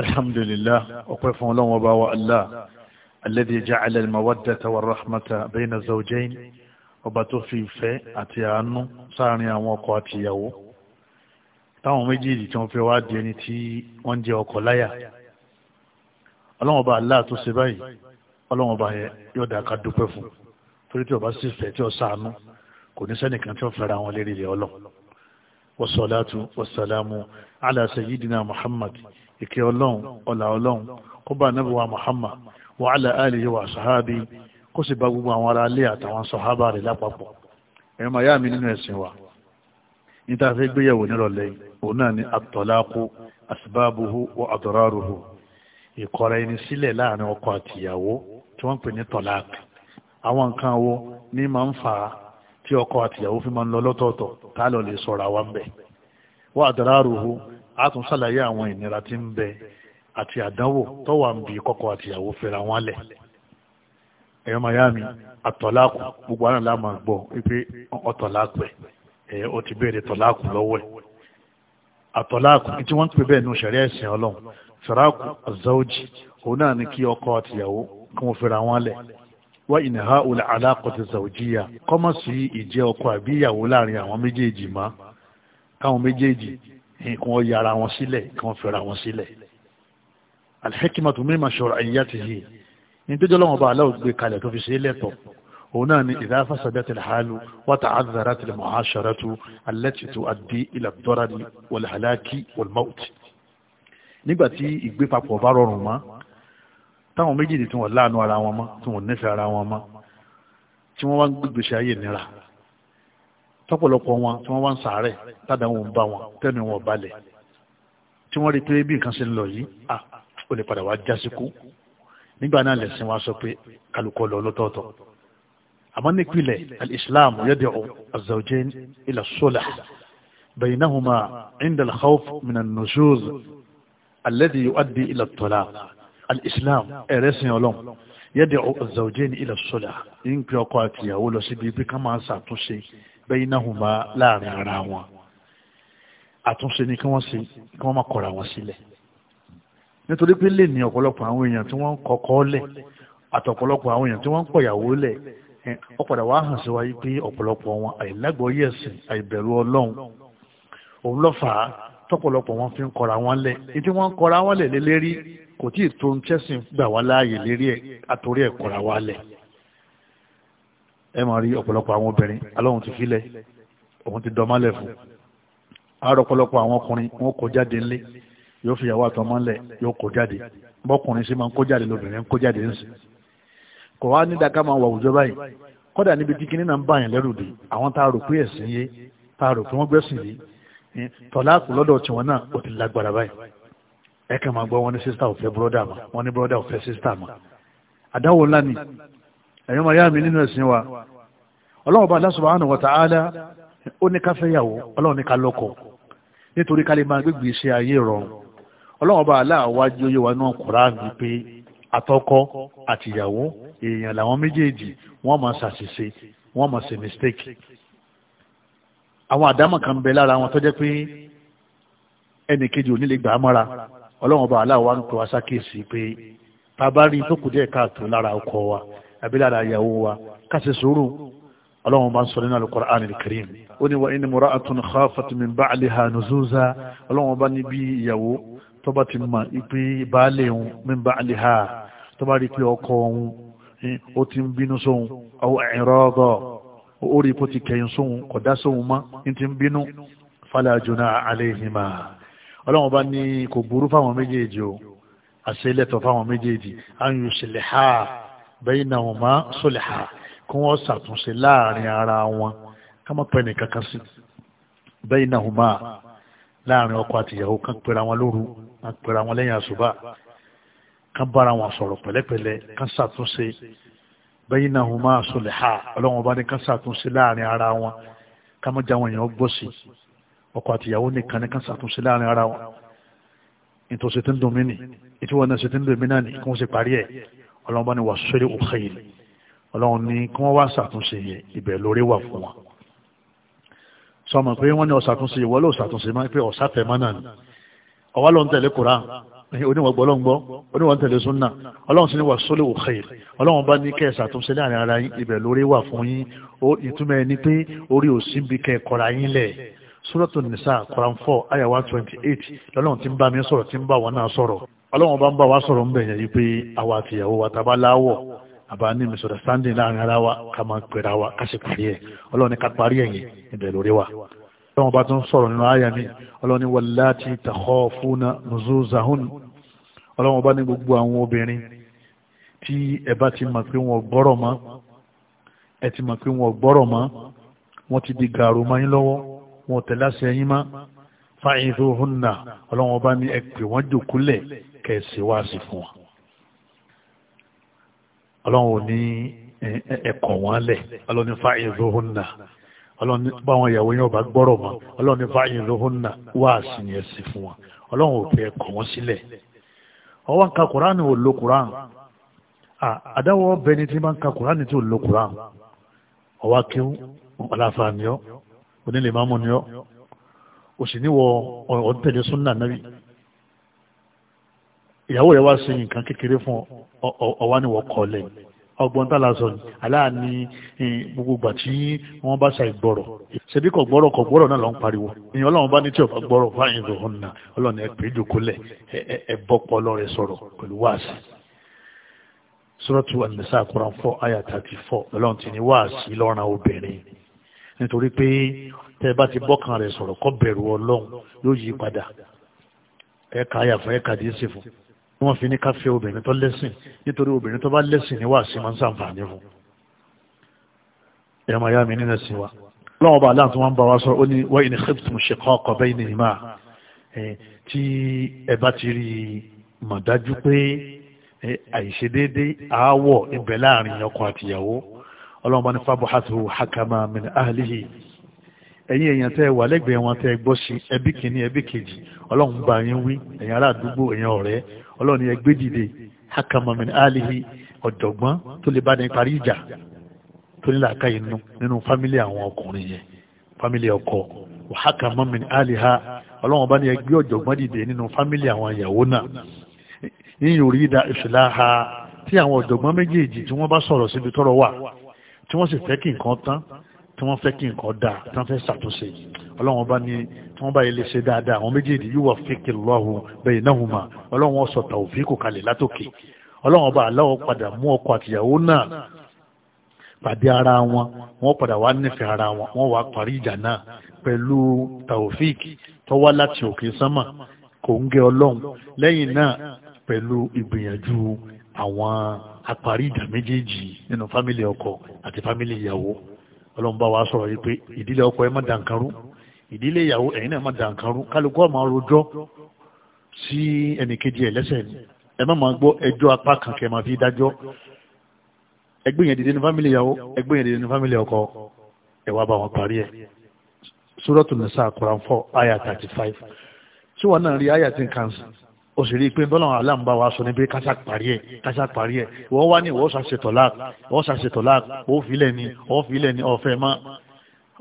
alhamdulillah ọpẹ́ fún ọlọ́run ọba wa allah alladhi ja'ala al-mawaddata war-rahmata bayna az-zawjayn ọba tó fi ìfẹ́ àti àánú sáàrin àwọn ọkọ àti ìyàwó táwọn méjèèjì tí wọ́n fi wá di ẹni tí wọ́n jẹ́ ọkọ láyà ọlọ́run ọba allah tó ṣe báyìí ọlọ́run ọba yẹn yóò dá ká dúpẹ́ fún torí tí ọba sì fẹ́ tí ó ṣàánú kò ní sẹ́nìkan tí ó fẹ́ra wọn lérí ìkẹ́ ọlọ́run ọlà ọlọ́run kó bá ànábì wa Muhammad wa ala alihi wa sahabi kó sì bá gbogbo àwọn ará ilé àtàwọn sàhábà rẹ̀ lápapọ̀ ẹ̀rọ màá yá mi nínú ẹ̀sìn wa ní tá a fẹ́ gbéyàwó nírọ̀lẹ́ òun náà ni at-talaqu asbabuhu wa adraruhu ìkọ̀ra ẹni sílẹ̀ láàrin ọkọ àtìyàwó tí wọ́n pè ní tọ́lák àwọn nǹkan wo ní máa ń fa tí ọkọ àtìyàwó fi máa ń lọ lọ́tọ̀ọ̀tọ̀ tá lọ lè sọ̀rọ̀ àwọn bẹ̀ wọ́n àdàrà a tún ṣàlàyé àwọn ìnira tí ń bẹ àti àdánwò tó wà ń bi kọ́kọ́ àti ìyàwó fẹ́ra wọn lẹ̀ ẹ̀yọ́ miami àtọ̀láàkù gbogbo àná la máa gbọ́ wípé ọ̀tọ̀láàkù ẹ̀ ó ti béèrè tọ̀láàkù lọ́wọ́ ẹ̀ àtọ̀láàkù tí wọ́n ń pè bẹ́ẹ̀ nù sẹ̀rẹ́ ẹ̀sìn ọlọ́run fìràkù azawji òun náà ni kí ọkọ àti ìyàwó kí wọ́n fẹ́ra wọn lẹ̀ wá ìnáhà òlà aláàkọ̀tì zawjiya kọ́mọ̀ sí ìjẹ́ ọkọ àbí ìyàwó láàrin àwọn méjèèjì má káwọn méjèèjì kí wọ́n yà ara wọn sílẹ̀ kí wọ́n fẹ́ra wọn sílẹ̀ alhikimatu mimma shar'iyyatihi ní tó jọlọ́wọ́n bá aláwọ̀ gbé kalẹ̀ tó fi ṣe lẹ́tọ̀ òun náà ni idha fasadatil halu wa ta'azzaratil mu'asharatu allati tu'addi ila ad-darari wal halaki wal maut nígbà tí ìgbé papọ̀ bá rọrùn mọ́ táwọn méjèèjì tí wọ́n láàánú ara wọn mọ́ tí wọ́n nífẹ̀ẹ́ ara wọn mọ́ tí wọ́n wá ń gbégbèsè ayé nira tọ́pọ̀lọpọ̀ wọn tí wọ́n wá ń sàárẹ̀ tádà wọn bá wọn tẹ́nu wọn balẹ̀ tí wọ́n rí pé bí nǹkan ṣe ń lọ yìí à ó lè padà wá jásíkú nígbà náà lẹ̀sìn wa sọ pé kálukọ́ lọ lọ́tọ̀ọ̀tọ̀ àmọ́ nípìnlẹ̀ al-islam yad'u az-zawjayn ila as-sulah baynahuma 'inda khawf min an-nushuz alladhi yu'addi ila at-talaq al-islam ẹ̀rẹ́sìn ọlọ́run yad'u az-zawjayn ila ń pè ọkọ àtìyàwó lọ síbi bí ká máa ṣàtúnṣe bẹ́yìnáhùnmá láàrin ara wọn àtúnṣe ni kí wọ́n ṣe kí wọ́n má kọ̀ra wọn sílẹ̀ nítorí pé lè ní ọ̀pọ̀lọpọ̀ àwọn èèyàn tí wọ́n ń kọ́kọ́ lẹ̀ àtọ̀pọ̀lọpọ̀ àwọn èèyàn tí wọ́n ń pọ̀yàwó lẹ̀ ọ̀padà wàá hàn sí wa yí pé ọ̀pọ̀lọpọ̀ wọn àìlágbọ̀ọ́yé ẹ̀sìn àìbẹ̀rù ọlọ́run òun ló fà á tọ́pọ̀lọpọ̀ wọn fi ń kọra wọn lẹ̀ ètí wọ́n ń kọra wọn lẹ̀ lélẹ́rí kò tí ì tó ń chẹ́sìn gbà wá láàyè lérí ẹ̀ àtòrí ẹ̀ kọra wa lẹ̀ ẹ máa rí ọ̀pọ̀lọpọ̀ àwọn obìnrin aláwọn ti filẹ̀ òun ti dọ̀málẹ̀ fún àárọ̀ ọ̀pọ̀lọpọ̀ àwọn ọkùnrin wọn kó jáde ńlé yóò fi ìyàwó àtọmọ ńlẹ̀ yóò kó jáde bọ́kùnrin sí máa ń kó jáde lóbìnrin ń kó jáde ń sìn kò wá ní daka máa wà àwùjọ báyìí kódà níbi tí kinní náà ń bá yẹn lẹ́rù dé àwọn tá a rò pé ẹ̀sìn yé tá a rò pé wọ́n gbẹ̀sìn yé tọ́láàkù lọ́dọ̀ tiwọn náà ó ti lágbára báyìí ẹ máa gbọ́ wọn ní sísítà ò fẹ́ búrọ́dà wọn ní búrọ́dà ò sísítà mà àdáwò ńlá ni ẹ̀yọ́ máa yá mi nínú ẹ̀sìn wa ọlọ́run bá Allah subhanahu wa ta'ala ó ní ká fẹ́yàwó ọlọ́run ní ká lọ́kọ nítorí ká lè máa gbégbé iṣẹ́ ayé rọrùn ọlọ́run bá aláàwájú oyé wa náà Kùránì pé àtọkọ àtìyàwó èèyàn làwọn méjèèjì wọ́n máa ṣàṣìṣe wọ́n máa ṣe mistake àwọn àdámọ̀ kan bẹ lára wọn tó jẹ́ pé ẹnì kejì ò ní lè gbà á mọ́ra ọlọ́run bá aláàwá ń pè wá àbí lára ìyàwó wa ká ṣe sùúrù ọlọ́run bá ń sọ nínú al-Qur'an al-Karim ó ní wa in imra'atun khafat min ba'liha nuzuza ọlọ́run bá ní bí ìyàwó tó bá ti mọ̀ ipe baálé òun min ba'liha tó bá rí pé ọkọ òun eh, ó ti ń bínú sóhun aw i'rada ó rí ipò ti kẹ̀yìn sóhun kò dá sóhun mọ́ ní ti ń bínú fala junaha alayhima ọlọ́run bá ní kò burú fáwọn méjèèjì o àṣẹ ilẹ̀tọ̀ fáwọn méjèèjì an yusliha bainahuma sulha kí wọ́n ṣàtúnṣe láàrin ara wọn ká má pẹ́ nìkan kan sí bainahuma láàrin ọkọ àtìyàwó kan pera wọn lóru kan pera wọn lẹ́yìn àṣùbà kan bára wọn sọ̀rọ̀ pẹ̀lẹ́pẹ̀lẹ́ kan ṣàtúnṣe bainahuma sulha ọlọ́wọ́n bá ní kan ṣàtúnṣe láàrin ara wọn ká má já wọn èèyàn gbọ́ sí ọkọ àtìyàwó nìkan ní kan ṣàtúnṣe láàrin ara wọn ìtòsí tí ń dùn mí nì ìtìwọ́n náà sì ti ń dùn mí náà nì kí wọ́n sì parí ẹ̀ ọlọ́run bá ní wà sórí òkèèlè ọlọ́run ní kí wọ́n wá ṣàtúnṣe yẹn ibẹ̀ lórí wà fún wọn sọmọ pé wọ́n ní ọ̀ṣàtúnṣe ìwọ ló ṣàtúnṣe máa ń pẹ́ ọ̀ṣàfẹ́ mọ́nà ni ọwọ́ ló ń tẹ̀lé kura oníwọ̀gbọ́ ló ń gbọ́ oníwọ̀n tẹ̀lé súnà ọlọ́run sì ní wà sórí òkèèlè ọlọ́run bá ní kẹ́ ẹ̀ ṣàtúnṣe láàrin ara yín ibẹ̀ lórí wà fún yín ìtumọ̀ ẹni pé orí òsínbi kẹ́ ẹ̀ kọ́ra yín lẹ̀ Suratu Nisa Quran 4 ayah 128 lọ́lọ́run ti ń bá mi sọ̀rọ̀ ti ń bá wọn náà sọ̀rọ̀ ọlọ́wọ́n bá ń bá wa sọ̀rọ̀ ń bẹ̀ yẹ pé àwa àtìyàwó wa tàbá láwọ̀ àbá ní misunderstanding láàrin ara wa ká máa pèrà wa ká sì parí ẹ̀ ọlọ́run ká parí ẹ̀yìn ibẹ̀ lórí wa ọlọ́run bá tún sọ̀rọ̀ nínú àyà mi ọlọ́run wallati takhafuna nuzuzahun ọlọ́run bá ní gbogbo àwọn obìnrin tí ẹ bá ti mọ̀ pé wọ́n gbọ́rọ̀ mọ́ wọ́n ti di gàrú mọ́ yín lọ́wọ́ wọ́n tẹ̀láṣẹ yín mọ́ fa'idhuhunna ọlọ́run bá ní ẹ pè wọ́n jòkúlẹ̀ kẹ́ ẹ ṣe wáàsí fún wọn ọlọ́run ò ní ẹ̀kọ́ wọn lẹ̀ ọlọ́run ní fáyín lóhùn náà ọlọ́run báwọn ìyàwó yẹn ò bá gbọ́rọ̀ mọ́ ọlọ́run ní fáyín lóhùn náà wáàsí ni ẹ ṣe fún wọn ọlọ́run ò fẹ́ ẹ̀kọ́ wọn sílẹ̀ ọwọ́ nǹkan kùránì ò lo kùránì àdáwọ̀ bẹni tí máa ka kùránì tí ò lo kùránì ọwọ́ akéwù ọ̀làfà onílẹ̀ máàmù òsì níwọ̀ ọ̀ọ́tẹ̀lẹ̀ ìyàwó rẹ̀ wá sí nǹkan kékeré fún ọwá ni wọ́n kọ́ lẹ́yìn ọgbọ́n tá lásán ni aláàní gbogbo ìgbà tí wọ́n bá ṣàì gbọ́rọ̀ ṣebí kò gbọ́rọ̀ kò gbọ́rọ̀ náà ló ń pariwo ìyẹn ọlọ́run bá ní tí ọba gbọ́rọ̀ fáyìn ló hàn náà ọlọ́run ẹ pè é jòkólẹ̀ ẹ bọ́pọ̀ ọlọ́run sọ̀rọ̀ pẹ̀lú wáàsì sọ́rọ́tù ànìsá àkùrán fọ́ àyà tàbí fọ́ ọlọ́run ti ní wáàsì lọ́ràn obìnrin nítorí pé tẹ́ bá ti bọ́kàn rẹ̀ sọ̀rọ̀ kó bẹ̀rù ọlọ́run yóò yí padà ẹ̀ka àyàfọ́ ẹ̀ka díẹ̀ sí fún ni wọ́n fi ní ká fẹ́ obìnrin tó lẹ́sìn nítorí obìnrin tó bá lẹ́sìn ní wàásí máa ń sàǹfààní fún ẹ̀rọ màá yá mi nínú ẹ̀sìn wa lọ́wọ́ bá aláǹtí wọ́n ń bá wa sọ ó ní wa in khiftum shiqaqa baynihima tí ẹ bá ti rí mọ̀ dájú pé àìṣedéédé àáwọ̀ ibẹ̀ láàrin ọkọ àtìyàwó ọlọ́run bá ní fábọ̀ hàtó hakama min ahlihi ẹ̀yin èèyàn tẹ́ wà lẹ́gbẹ̀ẹ́ wọn tẹ́ gbọ́ sí ẹbí kìíní ẹbí kejì ọlọ́run bá yín wí ẹ̀yin ará àdúgbò ẹ̀yin ọ̀rẹ́ ọlọ́run ni ẹgbẹ́ dìde hakama min alihi ọ̀jọ̀gbọ́n tó lè bá ní parí ìjà tó ní làákà inú nínú fámílì àwọn ọkùnrin yẹn fámílì ọkọ hakama min aliha ọlọ́run bá ní ẹgbẹ́ ọ̀jọ̀gbọ́n dìde nínú fámílì àwọn ìyàwó náà yíyan orí da ìṣìláha tí tí wọ́n fẹ́ kí nǹkan dáa tí wọ́n fẹ́ ṣàtúnṣe ọlọ́run bá ní tí wọ́n bá yẹ lè ṣe dáadáa àwọn méjèèjì yóò wà fíkì lọ́hùn bẹ́ẹ̀ náà mà ọlọ́run ọ̀sọ̀ tàwùfí kò kalẹ̀ látòkè ọlọ́run ọba aláwọ̀ padà mú ọkọ àtìyàwó náà pàdé ara wọn wọ́n padà wá nífẹ̀ẹ́ ara wọn wọ́n wá parí ìjà náà pẹ̀lú tàwùfík tó wá láti òkè sánmà kò ń gẹ ọlọ́run lẹ́yìn náà pẹ̀lú ìgbìyànjú àwọn aparí ìjà méjèèjì nínú fámìlì ọkọ àti fámìlì ìyàwó ọlọ́run wa sọ̀rọ̀ yìí pé ìdílé ọkọ ẹ má dànkanrú ìdílé ìyàwó ẹ̀yin náà má dànkanrú kálukú ọmọ rojọ́ sí ẹnìkejì ẹ̀ lẹ́sẹ̀ ni ẹ má máa gbọ́ ẹjọ́ apá kan kẹ́ máa fi dájọ́ ẹgbẹ́ yẹn dìde ní fámìlì ìyàwó ẹgbẹ́ yẹn dìde ní fámìlì ọkọ ẹ wá bá wọn parí ẹ̀ Suratul Nisa Quran 4 ayah 35 tí wọn náà rí ayah tí n kàn sí o sì rí i pé bọ́lá aláǹbá wa sọ ní pé kásá parí ẹ̀ kásá parí ẹ̀ wọ́n wá ní ìwọ́ sàṣetọ̀ láàk wọ́n sàṣetọ̀ láàk ó filẹ̀ ni ó filẹ̀ ni ọ̀fẹ́ mọ́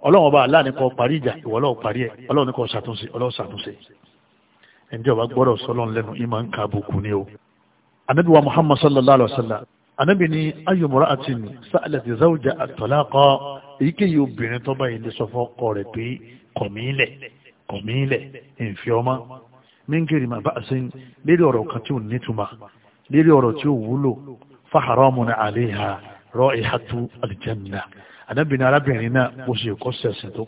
ọlọ́run ọba aláàní kọ́ parí ìjà ìwọ́ lọ́wọ́ parí ẹ̀ ọlọ́run ní kọ́ ṣàtúnṣe ọlọ́run ṣàtúnṣe ẹ̀ǹdí ọba gbọ́dọ̀ sọlọ́n lẹ́nu ìmọ̀ ń ka àbùkù ni o. anabi wa mingiri ma bá sin lérí ọ̀rọ̀ kan tí ò nítumà lérí ọ̀rọ̀ tí ò wúlò faharamu na àléhà rọ ìhàtú alìjẹ́nà anábìnrin arábìnrin náà bó ṣe kọ́ sẹ̀sìn tó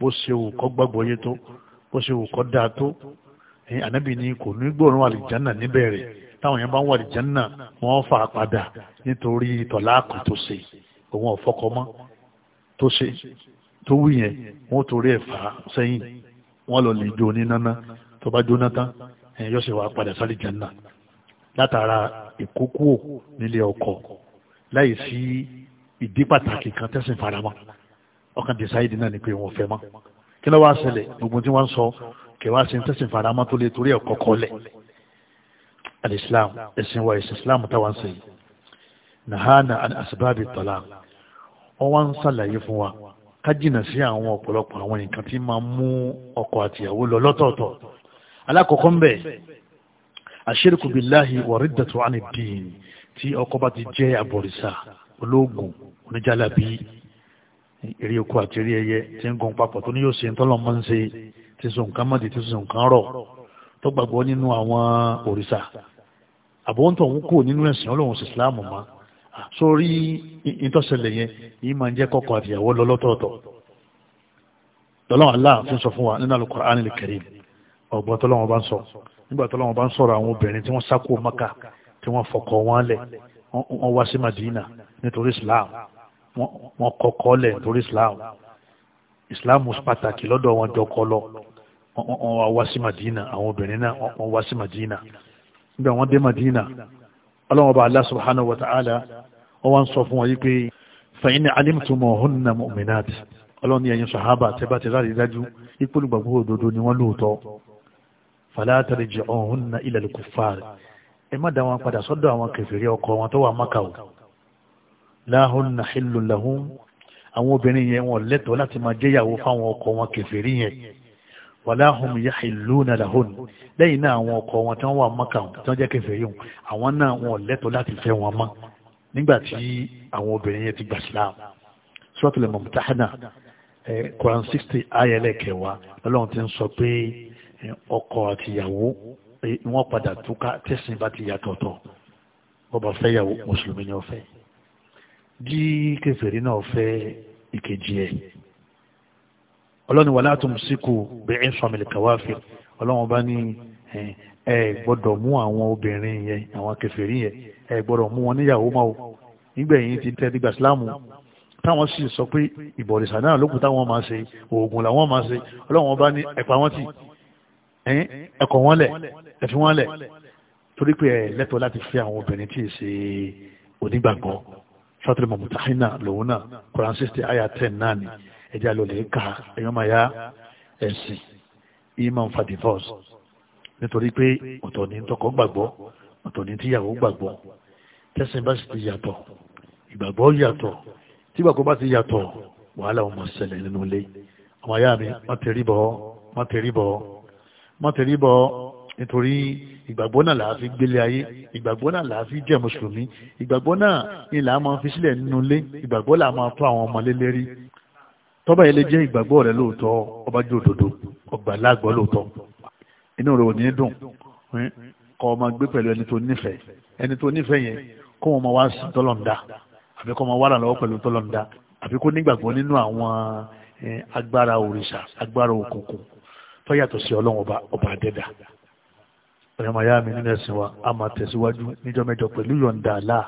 bó ṣe wù kọ́ gbàgbọ́ yé tó bó ṣe wù kọ́ dáa tó anábìnrin kò ní gbòòrùn alìjẹ́nà níbẹ̀rẹ̀ táwọn yẹn bá ń wà alìjẹ́nà wọ́n fà padà nítorí tọ̀láàkù tó ṣe òun ọ̀fọ́kọ́mọ́ tó ṣe tó wù yẹn wọ́n torí ẹ̀ fà sẹ́yìn wọ́n lọ lè jó ní náná tó bá jóná tán yóò sì wá padà sálì jẹ́nà látara ìkókó nílé ọkọ láì sí ìdí pàtàkì kan tẹ́sìn faramọ́ ọkàn dìsáìdì náà ni pé wọn fẹ́ mọ́ kí ló wá ṣẹlẹ̀ gbogbo tí wọ́n sọ kẹwàá sí tẹ́sìn faramọ́ tó lè torí ẹ̀kọ́ kọlẹ̀ alìsílám ẹ̀sìn wa ẹ̀sìn islam táwọn ṣe yìí nahana an asbábi tọ́lá wọ́n wá ń ṣàlàyé fún wa ká jìnnà sí àwọn ọ̀pọ̀lọpọ̀ àwọn nǹkan tí máa mú ọkọ àtìyàwó lọ lọ́tọ̀ọ̀tọ̀ alákọ̀ọ́kọ́ ń bẹ̀ àṣírìkù billahi wa riddatu ani ddin tí ọkọ bá ti jẹ́ àbọ̀rìṣà ológun oníjàlábí eré oko àti eré ẹyẹ tí ń gun papọ̀ tó ní yóò ṣe ńtọ́lọ́ máa ń ṣe ti sùn nǹkan mọ́dì ti sùn nǹkan rọ̀ tó gbàgbọ́ nínú àwọn òrìṣà àbọ̀wọ́ntọ̀ òun kò nínú ẹ̀sìn ọlọ́run sí Islam mọ́ sórí ìtọ́sẹ̀lẹ̀ yẹn yìí máa ń jẹ́ kọ́kọ́ àtìyàwó lọ́lọ́tọ̀ọ̀tọ̀ lọ́lọ́run Allah sọ fún wa nínú Al-Qur'an ọ̀gbọ́n tọ́lọ́wọ́n bá ń sọ nígbà tọ́lọ́wọ́n bá ń sọ̀rọ̀ àwọn obìnrin tí wọ́n sákò maka tí wọ́n fọkọ wọn lẹ̀ wọ́n wá sí madina nítorí islam wọ́n kọ́kọ́ lẹ̀ nítorí islam islam pàtàkì lọ́dọ̀ wọn jọkọ lọ wọ́n wá sí madina àwọn obìnrin náà wọ́n wá sí madina nígbà wọ́n dé madina ọlọ́wọ́n bá Allah subhanahu wa ta'ala wọ́n wá ń sọ fún wọn yí pé fẹ̀yìn alimtumuhunna mu'minat ọlọ́run ni ẹ̀yin sàhábà tẹ́bàtẹ́ láti dájú ipò olùgbàgbọ́ fala tarji'uhunna ila al-kuffar ẹ má dá wọn padà sọ́dọ̀ àwọn kèfèrí ọkọ wọn tó wà Mákà o la hunna hillun lahum àwọn obìnrin yẹn wọn lẹ́tọ̀ọ́ láti máa jẹ́yàwó fáwọn ọkọ wọn kèfèrí yẹn wala hum yahilluna lahun lẹ́yìn náà àwọn ọkọ wọn tó wà Mákà tó jẹ́ kèfèrí wọn àwọn náà wọn lẹ́tọ̀ọ́ láti fẹ́ wọn mọ́ nígbà tí àwọn obìnrin yẹn ti gbà Islam 60 ayẹlẹ́kẹ̀wá lọ́lọ́run ti ń sọ ọkọ àtìyàwó wọ́n padà túká tẹ̀sìn bá ti yàtọ̀tọ̀ ọba fẹ́yàwó mùsùlùmí ni ó fẹ́ jí kèfèrí náà fẹ́ ìkejì ẹ̀ ọlọ́ni wà látún síkù bẹ̀rẹ̀ sọmìlì kàwáfì ọlọ́run bá ní ẹ gbọ́dọ̀ mú àwọn obìnrin yẹn àwọn kèfèrí yẹn ẹ gbọ́dọ̀ mú wọn níyàwó máa nígbẹ̀yìn ti tẹ́ nígbà síláàmù táwọn sì sọ pé ìbọ̀rìṣà náà lókùn táwọn máa ṣe oògùn làwọn máa ṣe ọlọ́run bá ní ẹ̀pà wọn tì ẹ̀kọ́ wọn lẹ̀ ẹ̀fí wọn lẹ̀ torí pé ẹ̀ lẹ́tọ̀ọ́ láti fẹ́ àwọn obìnrin tí ì ṣe onígbàgbọ́ sọ́tìrì mọ̀mùtàhínà lòun náà Quran sixty ayah ten náà ni ẹ̀jẹ̀ àlọ́ lè ka ẹ̀yọ́ máa ya ẹ̀sìn imam fa divorce nítorí pé ọ̀tọ̀ ní tọkọ gbàgbọ́ ọ̀tọ̀ ní tíyàwó gbàgbọ́ tẹ́sán bá sì ti yàtọ̀ ìgbàgbọ́ yàtọ̀ tí ìgbàgbọ́ bá ti yàtọ̀ wàhálà ọmọ ṣẹlẹ̀ nínú ilé ọmọ ayá mi má tẹrí bọ́ má tẹrí bọ́ mọ́tẹ̀rí bọ̀ nítorí ìgbàgbọ́ náà làá fi gbélé ayé ìgbàgbọ́ náà làá fi jẹ́ mùsùlùmí ìgbàgbọ́ náà ni làá máa fi sílẹ̀ nínú ilé ìgbàgbọ́ làá máa tọ́ àwọn ọmọ lélẹ́rí tọ́ba yẹn lè jẹ́ ìgbàgbọ́ rẹ lóòótọ́ ọba jù òdodo ọgbà láàgbọ́ lóòótọ́ inú rẹ ò ní dùn kọ́ ọmọ gbé pẹ̀lú ẹni tó nífẹ̀ẹ́ ẹni tó nífẹ̀ẹ́ yẹn kó wọn máa wá sí tọ́lọ̀ǹda àbí kó máa wá lọ́wọ́ pẹ̀lú tọ́lọ̀ǹda àbí kó nígbàgbọ́ nínú àwọn agbára òrìṣà agbára òkùnkùn tó yàtọ̀ sí ọlọ́run ọba ọba àdẹ́dà ọ̀yọ́mọ̀ ayá mi nínú ẹ̀sìn wa a máa tẹ̀síwájú níjọ́ mẹ́jọ pẹ̀lú yọ̀ǹda àlá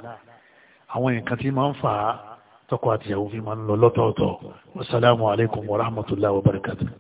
àwọn nǹkan tí máa ń fà á tọkọ àtìyàwó fi máa ń lọ lọ́tọ̀ọ̀tọ̀ wasalaamu alaykum wa rahmatullahi wa barakatuh.